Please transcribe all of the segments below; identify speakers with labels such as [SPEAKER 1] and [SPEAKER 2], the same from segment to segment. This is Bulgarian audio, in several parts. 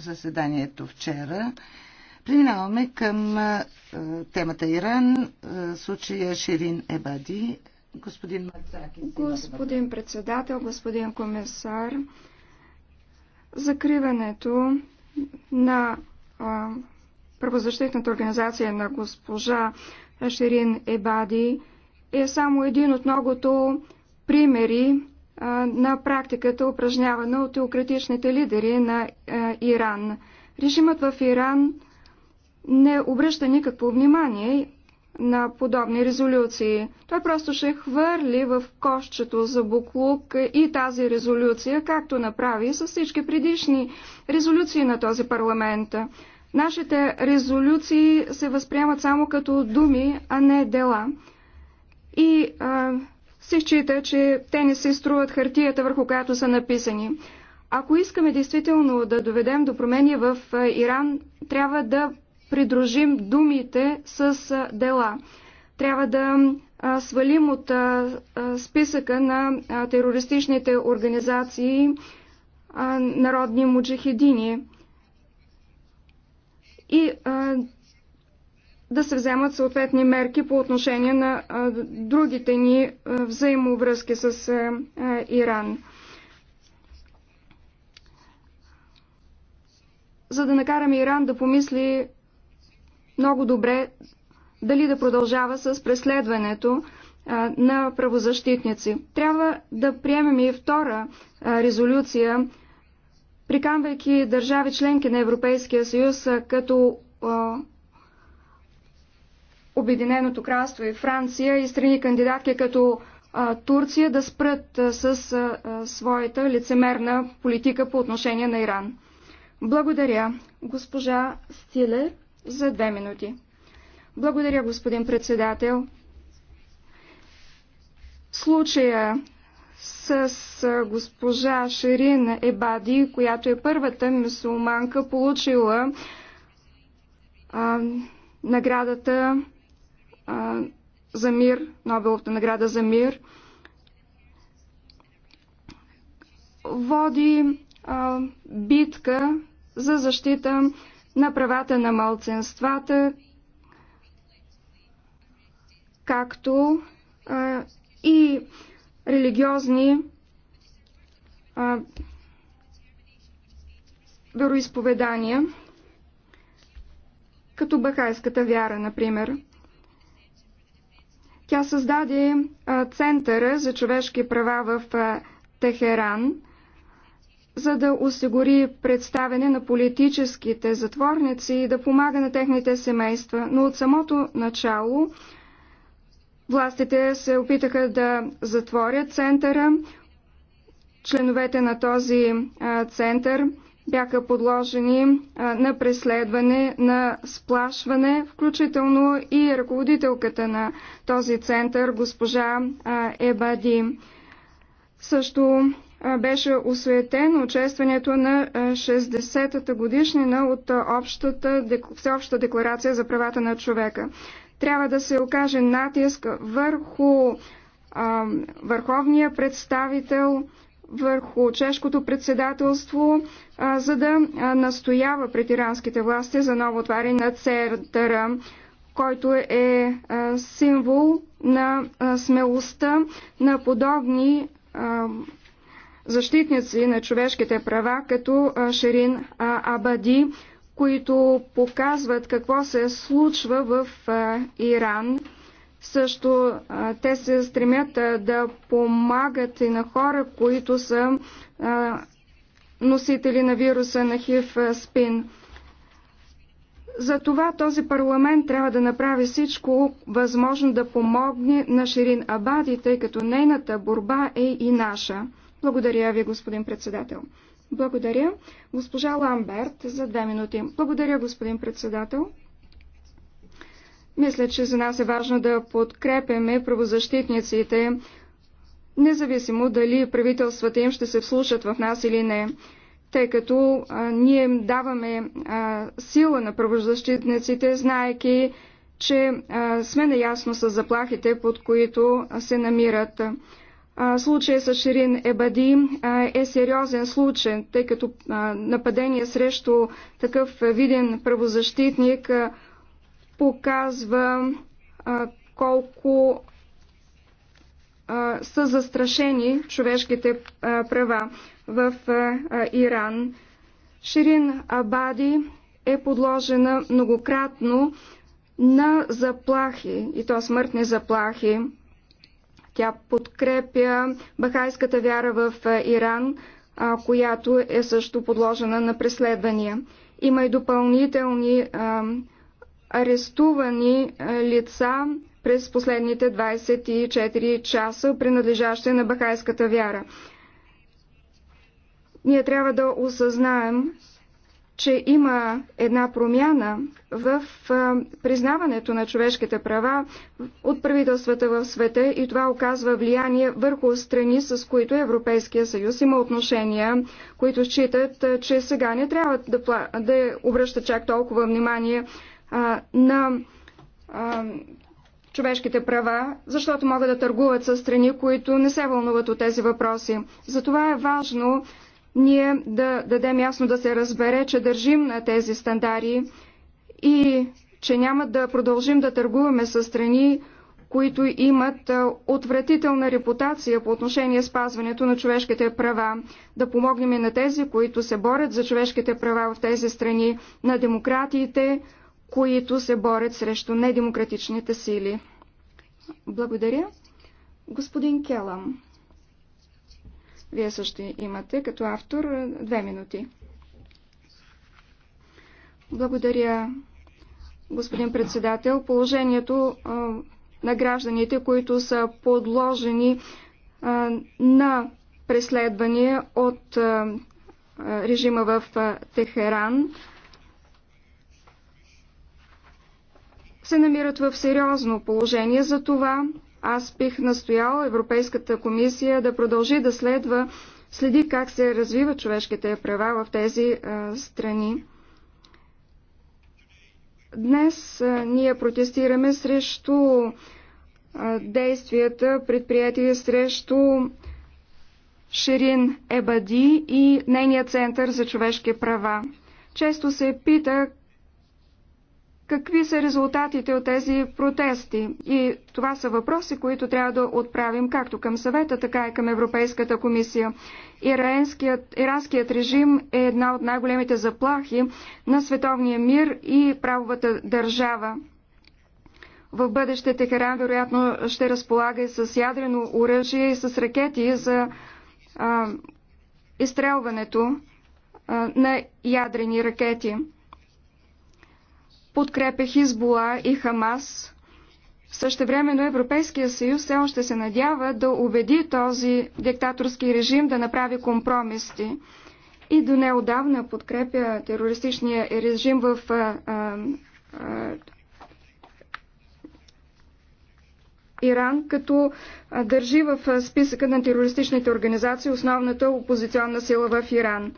[SPEAKER 1] заседанието вчера. Преминаваме към темата Иран, случая Ширин Ебади. Господин Мацаки.
[SPEAKER 2] Господин председател, господин комисар, закриването на правозащитната организация на госпожа Ширин Ебади е само един от многото примери на практиката, упражнявана от теократичните лидери на Иран. Режимът в Иран не обръща никакво внимание на подобни резолюции. Той просто ще хвърли в кошчето за буклук и тази резолюция, както направи с всички предишни резолюции на този парламент. Нашите резолюции се възприемат само като думи, а не дела. И а, се счита, че те не се струват хартията, върху която са написани. Ако искаме действително да доведем до промени в Иран, трябва да придружим думите с дела. Трябва да свалим от списъка на терористичните организации народни муджахедини. И да се вземат съответни мерки по отношение на другите ни взаимовръзки с Иран. За да накараме Иран да помисли много добре дали да продължава с преследването на правозащитници. Трябва да приемем и втора резолюция, приканвайки държави членки на Европейския съюз като Обединеното кралство и е Франция и страни кандидатки като Турция да спрат с своята лицемерна политика по отношение на Иран. Благодаря, госпожа Стиле, за две минути. Благодаря, господин председател. Случая с госпожа Ширин Ебади, която е първата мусулманка, получила а, наградата за мир, Нобеловата награда за мир, води а, битка за защита на правата на малцинствата, както а, и религиозни а, вероисповедания, като бахайската вяра, например. Тя създаде Центъра за човешки права в Техеран, за да осигури представене на политическите затворници и да помага на техните семейства. Но от самото начало властите се опитаха да затворят центъра. Членовете на този център бяха подложени на преследване, на сплашване, включително и ръководителката на този център, госпожа Ебади. Също беше осветено честването на 60-та годишнина от общата, Всеобща декларация за правата на човека. Трябва да се окаже натиск върху а, върховния представител, върху чешкото председателство, а, за да настоява пред иранските власти за ново отваряне на центъра, който е а, символ на а, смелостта на подобни защитници на човешките права, като Шерин Абади, които показват какво се случва в Иран. Също те се стремят да помагат и на хора, които са носители на вируса на хив спин. За това този парламент трябва да направи всичко възможно да помогне на Ширин Абади, тъй като нейната борба е и наша. Благодаря ви, господин председател. Благодаря. Госпожа Ламберт за две минути. Благодаря, господин председател. Мисля, че за нас е важно да подкрепяме правозащитниците, независимо дали правителствата им ще се вслушат в нас или не, тъй като а, ние им даваме а, сила на правозащитниците, знаеки, че а, сме наясно с заплахите, под които се намират. А, случай с Ширин Ебади а, е сериозен случай, тъй като а, нападение срещу такъв виден правозащитник а, показва а, колко а, са застрашени човешките а, права в а, Иран. Ширин Абади е подложена многократно на заплахи, и то смъртни заплахи. Тя подкрепя бахайската вяра в Иран, която е също подложена на преследвания. Има и допълнителни арестувани е, лица през последните 24 часа, принадлежащи на бахайската вяра. Ние трябва да осъзнаем, че има една промяна в е, признаването на човешките права от правителствата в света и това оказва влияние върху страни, с които Европейския съюз има отношения, които считат, е, че сега не трябва да, да обръща чак толкова внимание на човешките права, защото могат да търгуват с страни, които не се вълнуват от тези въпроси. Затова е важно ние да дадем ясно да се разбере, че държим на тези стандари и че няма да продължим да търгуваме с страни, които имат отвратителна репутация по отношение спазването на човешките права, да помогнем и на тези, които се борят за човешките права в тези страни, на демократиите, които се борят срещу недемократичните сили. Благодаря. Господин Келам, вие също имате като автор две минути. Благодаря, господин председател. Положението на гражданите, които са подложени на преследвания от режима в Техеран, се намират в сериозно положение. За това аз бих настоял Европейската комисия да продължи да следва, следи как се развиват човешките права в тези а, страни. Днес а, ние протестираме срещу а, действията, предприятия срещу Ширин Ебади и нейният център за човешки права. Често се пита Какви са резултатите от тези протести? И това са въпроси, които трябва да отправим както към съвета, така и към Европейската комисия. Иранският, иранският режим е една от най-големите заплахи на световния мир и правовата държава. В бъдеще Техеран вероятно ще разполага и с ядрено оръжие и с ракети за а, изстрелването а, на ядрени ракети подкрепя Хизбола и Хамас. също Същевременно Европейския съюз все още се надява да убеди този диктаторски режим да направи компромиси и до неодавна подкрепя терористичния режим в а, а, Иран, като държи в списъка на терористичните организации основната опозиционна сила в Иран.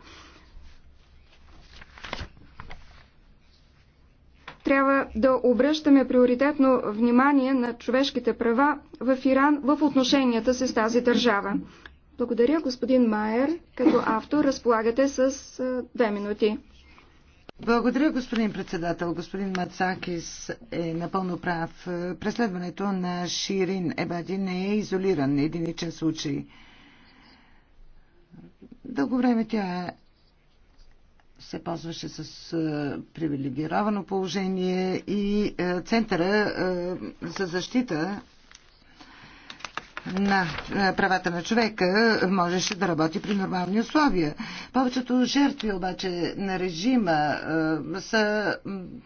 [SPEAKER 2] трябва да обръщаме приоритетно внимание на човешките права в Иран в отношенията си с тази държава. Благодаря, господин Майер. Като автор разполагате с две минути.
[SPEAKER 1] Благодаря, господин председател. Господин Мацакис е напълно прав. Преследването на Ширин Ебади не е изолиран единичен случай. Дълго време тя се ползваше с а, привилегировано положение и а, Центъра а, за защита на правата на човека можеше да работи при нормални условия. Повечето жертви обаче на режима е, са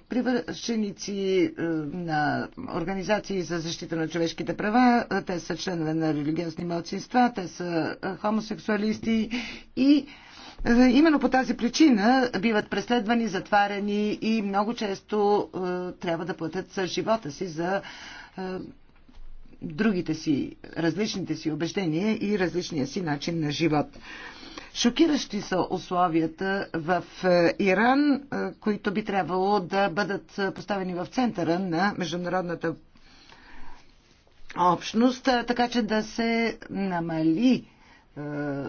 [SPEAKER 1] привършеници е, на организации за защита на човешките права, те са членове на религиозни младсинства, те са хомосексуалисти и е, е, именно по тази причина биват преследвани, затваряни и много често е, трябва да платят с живота си за е, другите си, различните си убеждения и различния си начин на живот. Шокиращи са условията в Иран, които би трябвало да бъдат поставени в центъра на международната общност, така че да се намали е,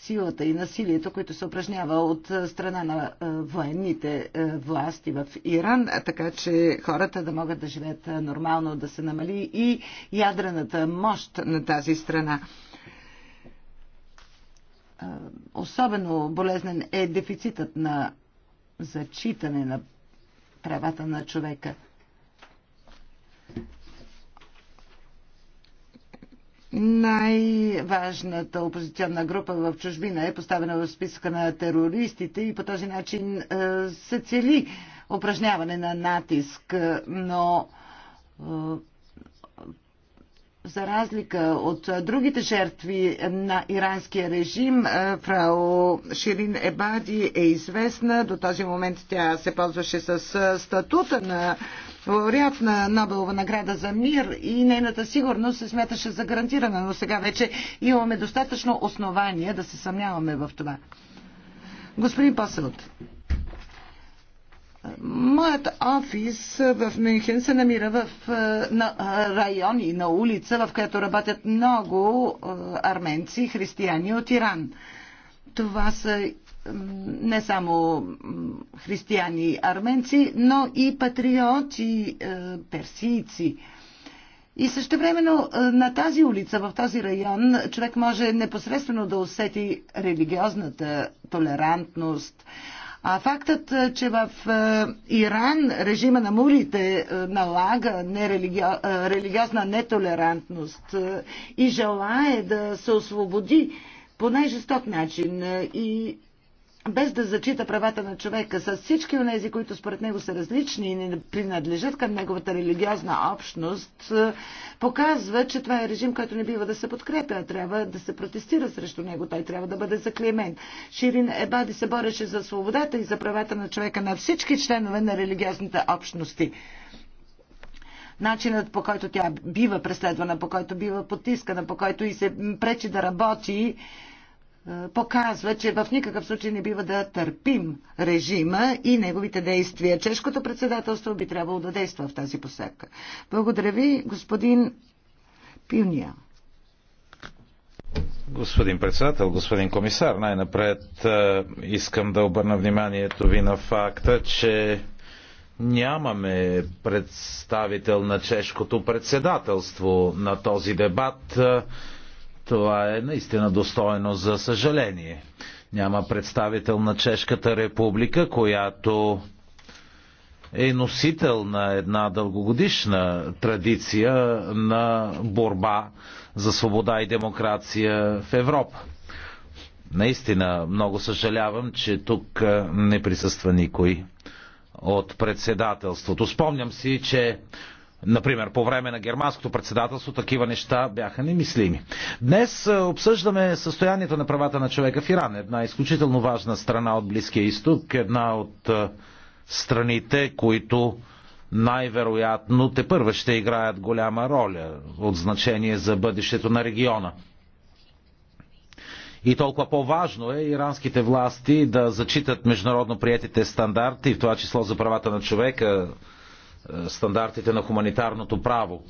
[SPEAKER 1] силата и насилието, които се упражнява от е, страна на е, военните власти в Иран, така че хората да могат да живеят нормално, да се намали и ядрената мощ на тази страна. Особено болезнен е дефицитът на зачитане на правата на човека – най-важната опозиционна група в чужбина е поставена в списъка на терористите и по този начин е, се цели упражняване на натиск, но е, за разлика от другите жертви на иранския режим, е, фрау Ширин Ебади е известна. До този момент тя се ползваше с статута на лауреат на Нобелова награда за мир и нейната сигурност се смяташе за гарантирана, но сега вече имаме достатъчно основания да се съмняваме в това. Господин Поселт, Моят офис в Мюнхен се намира в е, на, е, райони, на улица, в която работят много е, арменци, християни от Иран. Това са не само християни и арменци, но и патриоти е, персийци. И също времено е, на тази улица, в този район, човек може непосредствено да усети религиозната толерантност. А фактът, е, че в Иран режима на мулите налага нерелиги... религиозна нетолерантност и желае да се освободи по най-жесток начин и без да зачита правата на човека, с всички от тези, които според него са различни и не принадлежат към неговата религиозна общност, е, показва, че това е режим, който не бива да се подкрепя, трябва да се протестира срещу него, той трябва да бъде заклемен. Ширин Ебади се бореше за свободата и за правата на човека на всички членове на религиозните общности начинът по който тя бива преследвана, по който бива потискана, по който и се пречи да работи, показва, че в никакъв случай не бива да търпим режима и неговите действия. Чешкото председателство би трябвало да действа в тази посека. Благодаря ви, господин Пилния.
[SPEAKER 3] Господин председател, господин комисар, най-напред искам да обърна вниманието ви на факта, че нямаме представител на чешкото председателство на този дебат. Това е наистина достойно за съжаление. Няма представител на Чешката република, която е носител на една дългогодишна традиция на борба за свобода и демокрация в Европа. Наистина много съжалявам, че тук не присъства никой от председателството. Спомням си, че Например, по време на германското председателство такива неща бяха немислими. Днес е, обсъждаме състоянието на правата на човека в Иран, една изключително важна страна от Близкия изток, една от е, страните, които най-вероятно те първа ще играят голяма роля от значение за бъдещето на региона. И толкова по-важно е иранските власти да зачитат международно приятите стандарти, в това число за правата на човека, стандартите на хуманитарното право.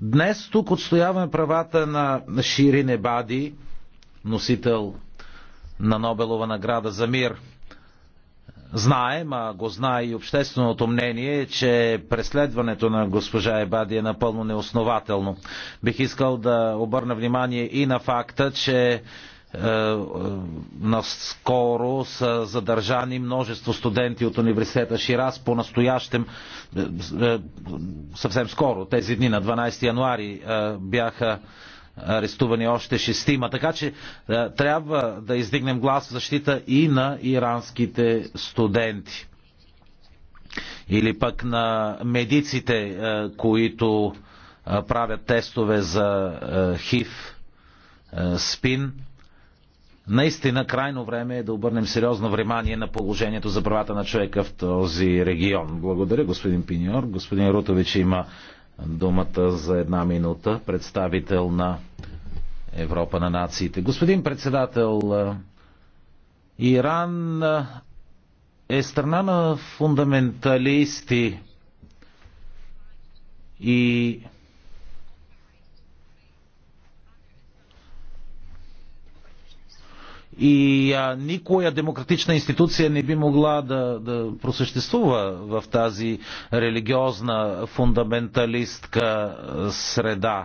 [SPEAKER 3] Днес тук отстояваме правата на Ширин Ебади, носител на Нобелова награда за мир. Знаем, а го знае и общественото мнение, че преследването на госпожа Ебади е напълно неоснователно. Бих искал да обърна внимание и на факта, че е, е, наскоро са задържани множество студенти от университета Ширас по настоящем е, съвсем скоро, тези дни на 12 януари бяха арестувани още шестима. Така че трябва да издигнем глас в защита и на иранските студенти. Или пък на медиците, които правят тестове за ХИВ, СПИН. Наистина крайно време е да обърнем сериозно внимание на положението за правата на човека в този регион. Благодаря, господин Пиньор. Господин Рутович има думата за една минута, представител на Европа на нациите. Господин председател, Иран е страна на фундаменталисти и И а, никоя демократична институция не би могла да, да просъществува в тази религиозна фундаменталистка среда.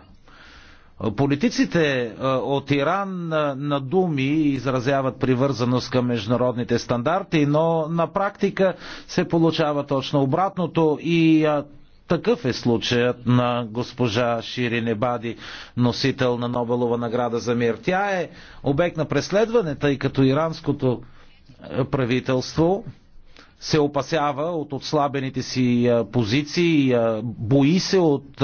[SPEAKER 3] Политиците от Иран на думи изразяват привързаност към международните стандарти, но на практика се получава точно обратното и такъв е случаят на госпожа Ширин Ебади, носител на Нобелова награда за мир. Тя е обект на преследване, тъй като иранското е, правителство се опасява от отслабените си е, позиции, е, бои се от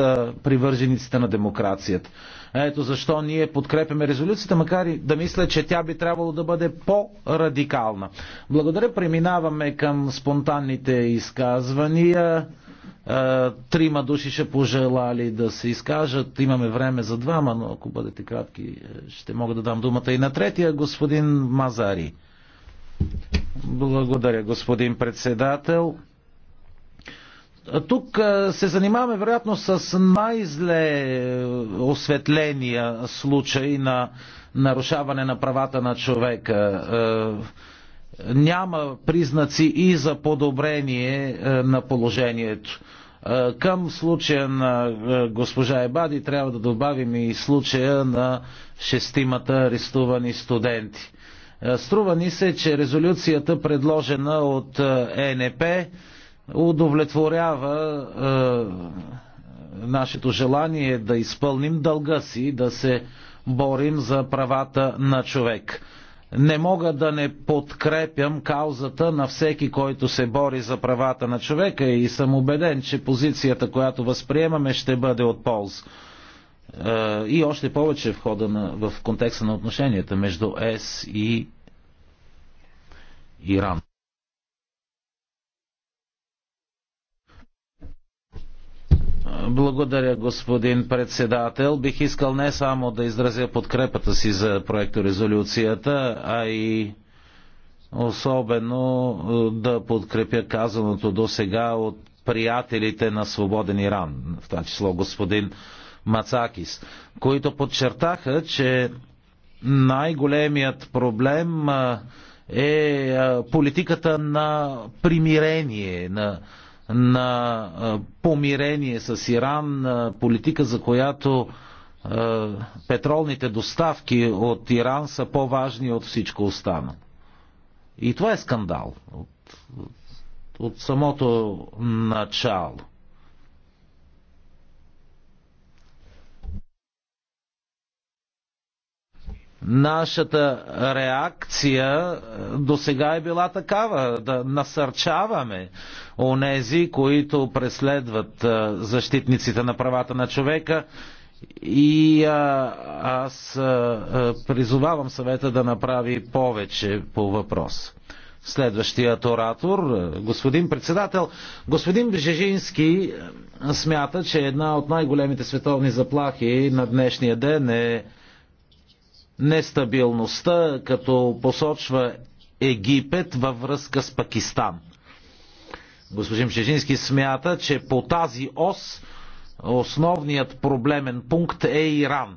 [SPEAKER 3] привържениците на демокрацията. Ето защо ние подкрепяме резолюцията, макар и да мисля, че тя би трябвало да бъде по-радикална. Благодаря, преминаваме към спонтанните изказвания. Е, трима души ще пожелали да се изкажат. Имаме време за двама, но ако бъдете кратки, е, ще мога да дам думата и на третия, господин Мазари. Благодаря, господин председател. Тук е, се занимаваме вероятно с най-зле осветления случай на нарушаване на правата на човека няма признаци и за подобрение е, на положението. Е, към случая на е, госпожа Ебади трябва да добавим и случая на шестимата арестувани студенти. Струва ни се, че резолюцията, предложена от ЕНП, удовлетворява е, нашето желание да изпълним дълга си, да се борим за правата на човек не мога да не подкрепям каузата на всеки, който се бори за правата на човека и съм убеден, че позицията, която възприемаме, ще бъде от полза. Е, и още повече в, хода на, в контекста на отношенията между ЕС и Иран. Благодаря, господин председател. Бих искал не само да изразя подкрепата си за резолюцията, а и особено е, да подкрепя казаното до сега от приятелите на Свободен Иран, в това число господин Мацакис, които подчертаха, че най-големият проблем е, е политиката на примирение, на на помирение с Иран, политика за която петролните доставки от Иран са по-важни от всичко останало. И това е скандал от, от самото начало. Нашата реакция е, до сега е била такава, да насърчаваме онези, които преследват е, защитниците на правата на човека и а, е, аз а, призовавам съвета да направи повече по въпрос. Следващият оратор, господин председател, господин Бежежински смята, че една от най-големите световни заплахи на днешния ден е нестабилността, като посочва Египет във връзка с Пакистан. Господин Чежински смята, че по тази ос основният проблемен пункт е Иран.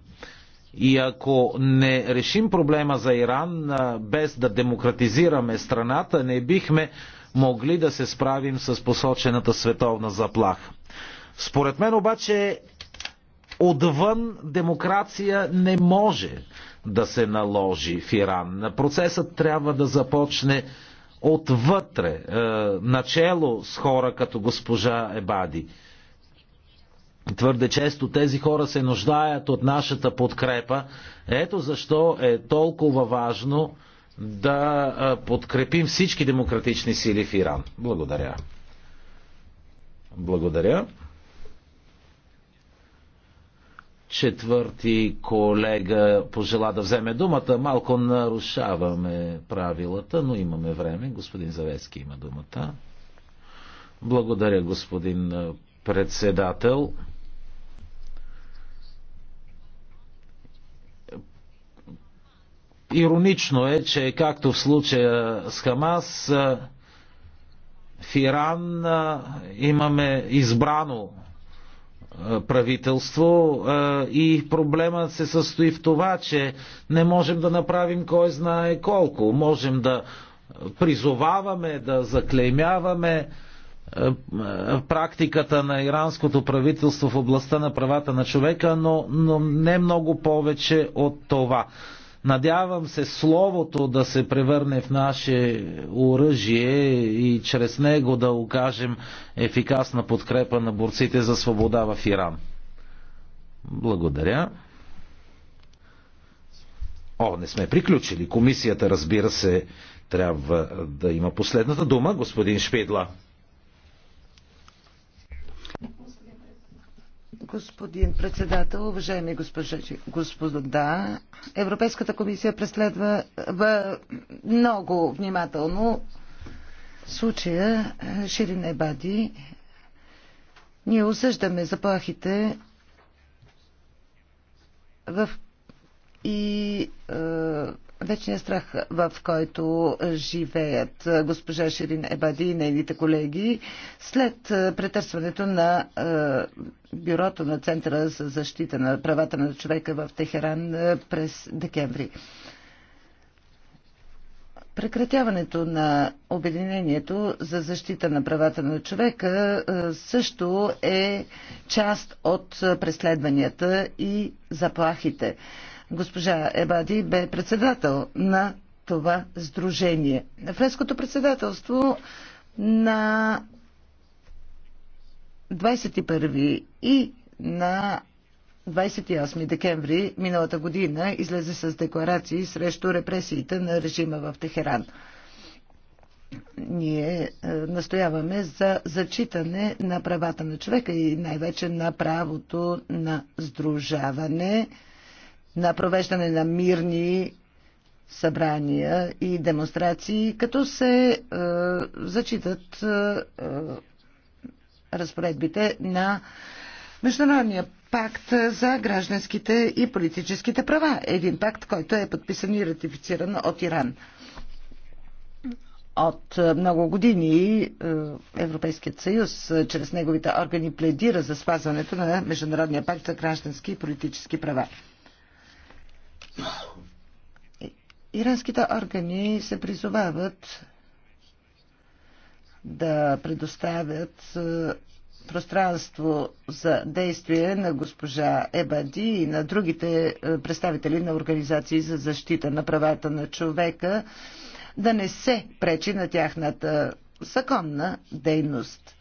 [SPEAKER 3] И ако не решим проблема за Иран, без да демократизираме страната, не бихме могли да се справим с посочената световна заплаха. Според мен обаче отвън демокрация не може да се наложи в Иран. Процесът трябва да започне отвътре, е, начало с хора като госпожа Ебади. Твърде често тези хора се нуждаят от нашата подкрепа. Ето защо е толкова важно да е, подкрепим всички демократични сили в Иран. Благодаря. Благодаря четвърти колега пожела да вземе думата. Малко нарушаваме правилата, но имаме време. Господин Завески има думата. Благодаря, господин председател. Иронично е, че както в случая с Хамас, в Иран имаме избрано правителство и проблемът се състои в това, че не можем да направим кой знае колко. Можем да призоваваме, да заклеймяваме практиката на иранското правителство в областта на правата на човека, но, но не много повече от това. Надявам се Словото да се превърне в наше оръжие и чрез него да окажем ефикасна подкрепа на борците за свобода в Иран. Благодаря. О, не сме приключили. Комисията, разбира се, трябва да има последната дума, господин Шпидла.
[SPEAKER 1] Господин председател, уважаеми госпожи, господа, Европейската комисия преследва много внимателно случая Ширине Бади. Ние осъждаме заплахите в и е, вечния страх, в който живеят госпожа Ширин Ебади и нейните колеги, след претърсването на бюрото на Центъра за защита на правата на човека в Техеран през декември. Прекратяването на Обединението за защита на правата на човека също е част от преследванията и заплахите. Госпожа Ебади бе председател на това сдружение. Френското председателство на 21 и на 28 декември миналата година излезе с декларации срещу репресиите на режима в Техеран. Ние е, настояваме за зачитане на правата на човека и най-вече на правото на сдружаване на провеждане на мирни събрания и демонстрации, като се е, зачитат е, е, разпоредбите на Международния пакт за гражданските и политическите права. Един пакт, който е подписан и ратифициран от Иран. От е, много години е, Европейският съюз чрез неговите органи пледира за спазването на Международния пакт за граждански и политически права. Иранските органи се призовават да предоставят е, пространство за действие на госпожа Ебади и на другите е, представители на организации за защита на правата на човека, да не се пречи на тяхната законна дейност.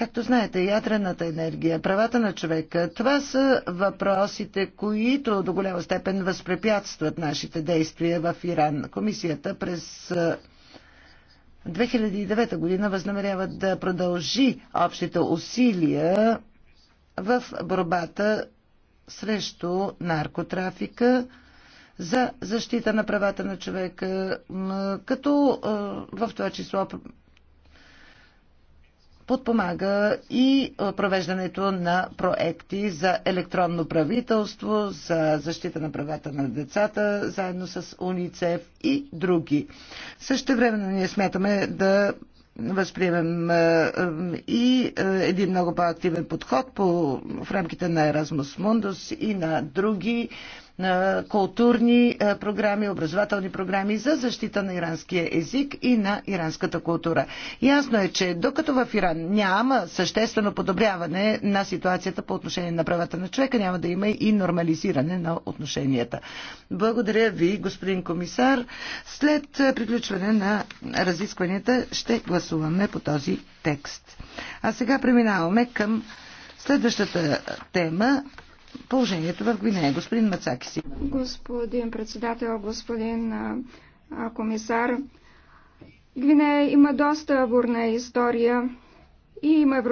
[SPEAKER 1] Както знаете, ядрената енергия, правата на човека, това са въпросите, които до голяма степен възпрепятстват нашите действия в Иран. Комисията през 2009 година възнамерява да продължи общите усилия в борбата срещу наркотрафика за защита на правата на човека, като в това число подпомага и провеждането на проекти за електронно правителство, за защита на правата на децата, заедно с УНИЦЕФ и други. Също време ние смятаме да възприемем и един много по-активен подход по, в рамките на Erasmus Mundus и на други културни програми, образователни програми за защита на иранския език и на иранската култура. Ясно е, че докато в Иран няма съществено подобряване на ситуацията по отношение на правата на човека, няма да има и нормализиране на отношенията. Благодаря ви, господин комисар. След приключване на разискванията ще гласуваме по този текст. А сега преминаваме към следващата тема положението в Гвинея. Господин Мацаки си.
[SPEAKER 2] Господин председател, господин комисар, Гвинея има доста бурна история и има европейска